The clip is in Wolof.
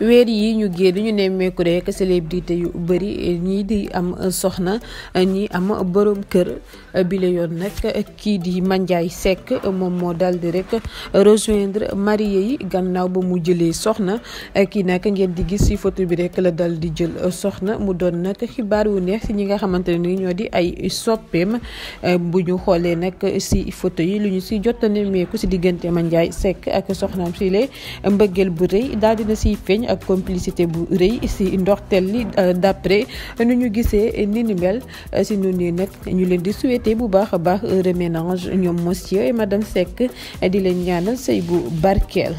weer yi ñu génn ñu nemmeeku rek célébrité yu bëri ñii di am soxna ñii am borom kër bile yoon nag kii di Mandiaye Seck moom moo dal di rek rejoindre marié yi gannaaw ba mu jëlee soxna kii nag ngeen di gis ci photo bi rek la dal di jël soxna mu doon nag xibaar wu neex ci ñi nga xamante ne ni ñoo di ay soppeem bu ñu xoolee nag ci photo yi lu ñu si jot a nemmeeku ci diggante Mandiaye sekk ak soxnaam si le mbëggeel bu rëy daal dina ciy feeñ ab complicité bu rëy si ndorteel li euh, d'après nu ñu gisee ni ni mel euh, si noonu nag ñu leen di souhaiter bu baax a baax euh, reménage ñoom monsieur et madame Seck di leen ñaanal sëy bu barkeel.